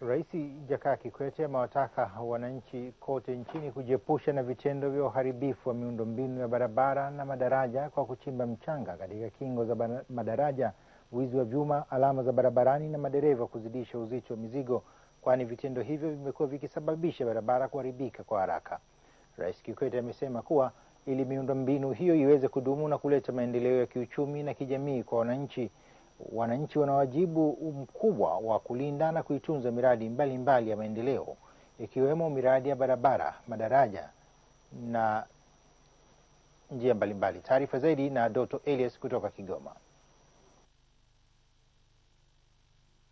Rais Jakaya Kikwete amewataka wananchi kote nchini kujiepusha na vitendo vya uharibifu wa miundombinu ya barabara na madaraja kwa kuchimba mchanga katika kingo za madaraja, wizi wa vyuma, alama za barabarani na madereva kuzidisha uzito wa mizigo, kwani vitendo hivyo vimekuwa vikisababisha barabara kuharibika kwa haraka. Rais Kikwete amesema kuwa ili miundombinu hiyo iweze kudumu na kuleta maendeleo ya kiuchumi na kijamii kwa wananchi wananchi wana wajibu mkubwa wa kulinda na kuitunza miradi mbalimbali mbali ya maendeleo ikiwemo miradi ya barabara, madaraja na njia mbalimbali. Taarifa zaidi na Doto Elias kutoka Kigoma.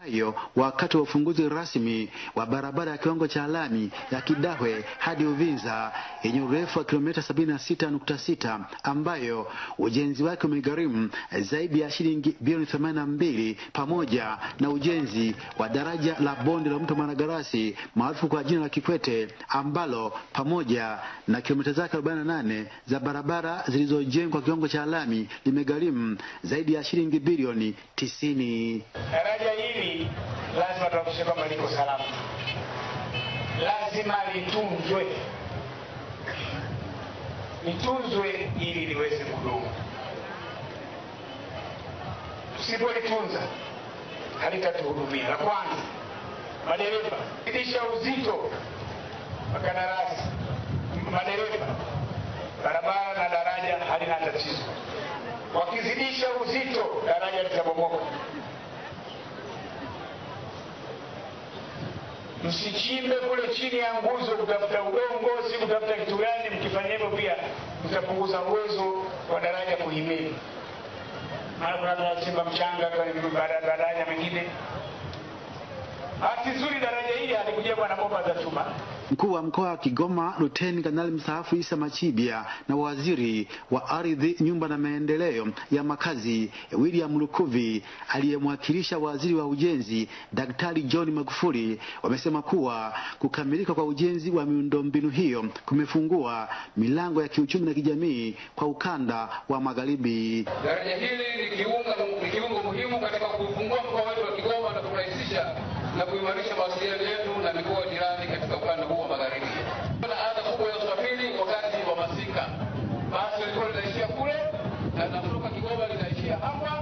hayo wakati wa ufunguzi rasmi wa barabara ya kiwango cha lami ya Kidahwe hadi Uvinza yenye urefu wa kilomita 76.6 ambayo ujenzi wake umegharimu zaidi ya shilingi bilioni 82 pamoja na ujenzi wa daraja la bonde la mto Maragarasi maarufu kwa jina la Kikwete ambalo pamoja na kilomita zake 48 za barabara zilizojengwa kiwango cha lami limegharimu zaidi ya shilingi bilioni 90. Daraja hili hii lazima tuhakikishe kwamba liko salama, lazima litunzwe, litunzwe ili liweze kudumu. Tusipolitunza halitatuhudumia. La kwanza, madereva zidisha uzito makandarasi, madereva barabara na daraja halina tatizo, wakizidisha uzito daraja litabo Msichimbe kule chini ya nguzo kutafuta udongo, si kutafuta kitu gani. Mkifanya hivyo, pia mtapunguza uwezo wa daraja kuhimili. Mara kuna simba mchanga daraja mengine. Bahati nzuri daraja hili halikuja kwa na bomba za chuma. Mkuu wa mkoa wa Kigoma Luteni Kanali mstaafu Isa Machibia na waziri wa ardhi, nyumba na maendeleo ya makazi William Lukuvi aliyemwakilisha waziri wa ujenzi Daktari John Magufuli wamesema kuwa kukamilika kwa ujenzi wa miundombinu hiyo kumefungua milango ya kiuchumi na kijamii kwa ukanda wa magharibi. Daraja hili ni kiungo muhimu katika kufungua mkoa wetu wa Kigoma na kurahisisha na kuimarisha mawasiliano yetu na mikoa jirani katika ukanda huu wa magharibi. Kuna adha kubwa ya usafiri wakati wa masika, basi walikuwa linaishia kule na linatoka Kigoma linaishia hapa,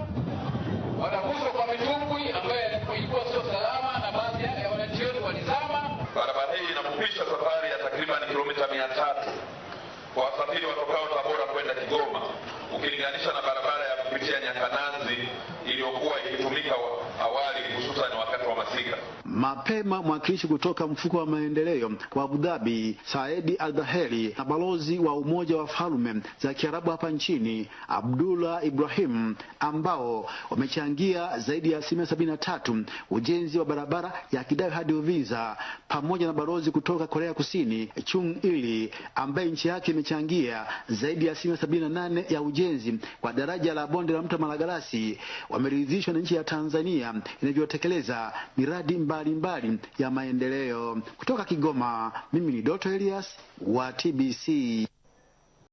wanaguswa kwa mitumbwi ambayo ilikuwa sio salama, na baadhi ya wananchi wetu walizama. Barabara hii inafupisha safari ya takriban kilomita mia tatu kwa wasafiri watokao Tabora kwenda Kigoma ukilinganisha na barabara ya kupitia Nyakananzi iliyokuwa ikitumika awali hususan wakati wa masika. Mapema mwakilishi kutoka mfuko wa maendeleo wa Abu Dhabi Saidi Aldaheri na balozi wa Umoja wa Falme za Kiarabu hapa nchini Abdullah Ibrahim ambao wamechangia zaidi ya asilimia sabini na tatu ujenzi wa barabara ya Kidawe hadi Uvinza pamoja na balozi kutoka Korea Kusini Chung Ili ambaye nchi yake imechangia zaidi ya asilimia sabini na nane ya ujenzi ujenzi kwa daraja la bonde la mto Malagarasi wameridhishwa na nchi ya Tanzania inavyotekeleza miradi mbalimbali mbali ya maendeleo. Kutoka Kigoma, mimi ni Doto Elias wa TBC.